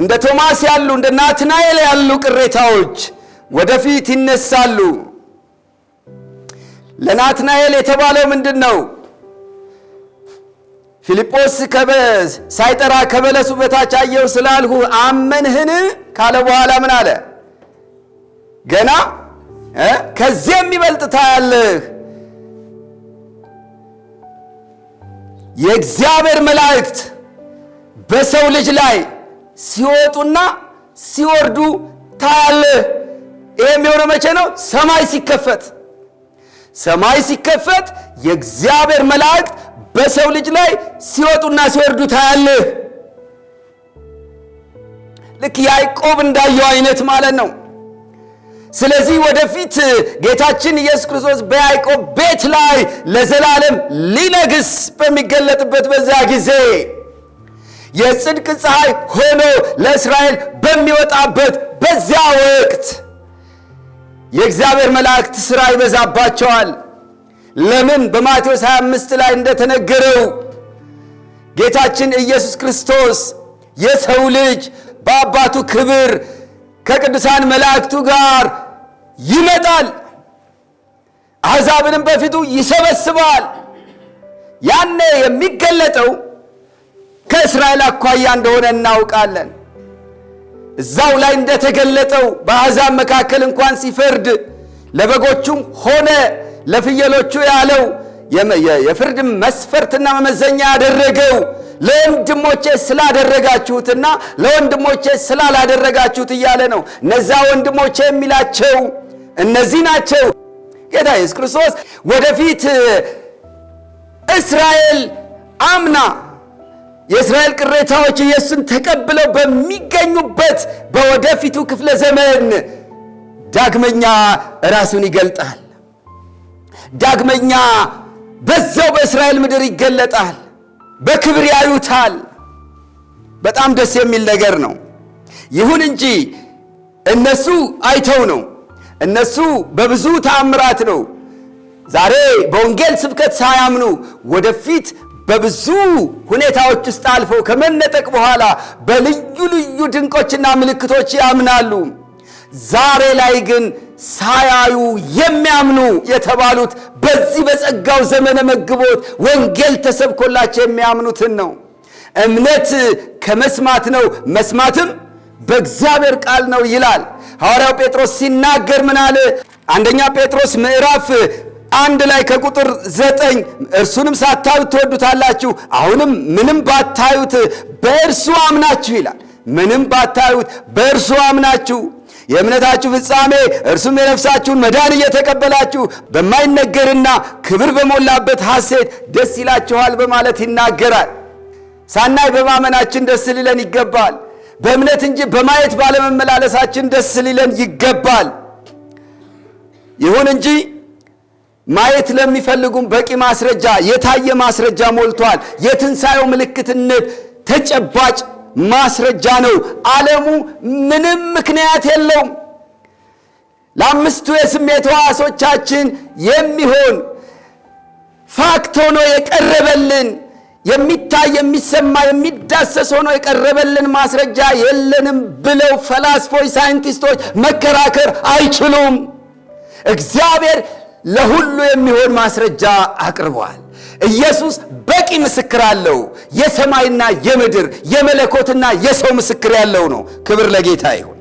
እንደ ቶማስ ያሉ እንደ ናትናኤል ያሉ ቅሬታዎች ወደፊት ይነሳሉ። ለናትናኤል የተባለው ምንድን ነው? ፊልጶስ ሳይጠራ ከበለሱ በታች አየው ስላልሁ አመንህን ካለ በኋላ ምን አለ? ገና ከዚያ የሚበልጥ ታያለህ። የእግዚአብሔር መላእክት በሰው ልጅ ላይ ሲወጡና ሲወርዱ ታያለህ። ይህ የሚሆነው መቼ ነው? ሰማይ ሲከፈት ሰማይ ሲከፈት የእግዚአብሔር መላእክት በሰው ልጅ ላይ ሲወጡና ሲወርዱ ታያለህ። ልክ ያዕቆብ እንዳየው አይነት ማለት ነው። ስለዚህ ወደፊት ጌታችን ኢየሱስ ክርስቶስ በያዕቆብ ቤት ላይ ለዘላለም ሊነግስ በሚገለጥበት በዚያ ጊዜ የጽድቅ ፀሐይ ሆኖ ለእስራኤል በሚወጣበት በዚያ ወቅት የእግዚአብሔር መላእክት ሥራ ይበዛባቸዋል። ለምን? በማቴዎስ 25 ላይ እንደተነገረው ጌታችን ኢየሱስ ክርስቶስ የሰው ልጅ በአባቱ ክብር ከቅዱሳን መላእክቱ ጋር ይመጣል፣ አሕዛብንም በፊቱ ይሰበስባል። ያኔ የሚገለጠው ከእስራኤል አኳያ እንደሆነ እናውቃለን። እዛው ላይ እንደተገለጠው በአሕዛብ መካከል እንኳን ሲፈርድ ለበጎቹም ሆነ ለፍየሎቹ ያለው የፍርድ መስፈርትና መመዘኛ ያደረገው ለወንድሞቼ ስላደረጋችሁትና ለወንድሞቼ ስላላደረጋችሁት እያለ ነው። እነዛ ወንድሞቼ የሚላቸው እነዚህ ናቸው። ጌታ ኢየሱስ ክርስቶስ ወደፊት እስራኤል አምና የእስራኤል ቅሬታዎች ኢየሱስን ተቀብለው በሚገኙበት በወደፊቱ ክፍለ ዘመን ዳግመኛ ራሱን ይገልጣል። ዳግመኛ በዛው በእስራኤል ምድር ይገለጣል። በክብር ያዩታል። በጣም ደስ የሚል ነገር ነው። ይሁን እንጂ እነሱ አይተው ነው። እነሱ በብዙ ተአምራት ነው ዛሬ በወንጌል ስብከት ሳያምኑ ወደፊት በብዙ ሁኔታዎች ውስጥ አልፈው ከመነጠቅ በኋላ በልዩ ልዩ ድንቆችና ምልክቶች ያምናሉ። ዛሬ ላይ ግን ሳያዩ የሚያምኑ የተባሉት በዚህ በጸጋው ዘመነ መግቦት ወንጌል ተሰብኮላቸው የሚያምኑትን ነው። እምነት ከመስማት ነው፣ መስማትም በእግዚአብሔር ቃል ነው ይላል ሐዋርያው ጴጥሮስ ሲናገር ምን አለ? አንደኛ ጴጥሮስ ምዕራፍ አንድ ላይ ከቁጥር ዘጠኝ እርሱንም ሳታዩት ትወዱታላችሁ፣ አሁንም ምንም ባታዩት በእርሱ አምናችሁ ይላል። ምንም ባታዩት በእርሱ አምናችሁ የእምነታችሁ ፍጻሜ እርሱም የነፍሳችሁን መዳን እየተቀበላችሁ በማይነገርና ክብር በሞላበት ሐሴት ደስ ይላችኋል በማለት ይናገራል። ሳናይ በማመናችን ደስ ሊለን ይገባል። በእምነት እንጂ በማየት ባለመመላለሳችን ደስ ሊለን ይገባል። ይሁን እንጂ ማየት ለሚፈልጉም በቂ ማስረጃ የታየ ማስረጃ ሞልቷል። የትንሣኤው ምልክትነት ተጨባጭ ማስረጃ ነው። ዓለሙ ምንም ምክንያት የለውም። ለአምስቱ የስሜት ሕዋሶቻችን የሚሆን ፋክት ሆኖ የቀረበልን የሚታይ የሚሰማ የሚዳሰስ ሆኖ የቀረበልን ማስረጃ የለንም ብለው ፈላስፎች፣ ሳይንቲስቶች መከራከር አይችሉም። እግዚአብሔር ለሁሉ የሚሆን ማስረጃ አቅርበዋል። ኢየሱስ በቂ ምስክር አለው። የሰማይና የምድር የመለኮትና የሰው ምስክር ያለው ነው። ክብር ለጌታ ይሁን።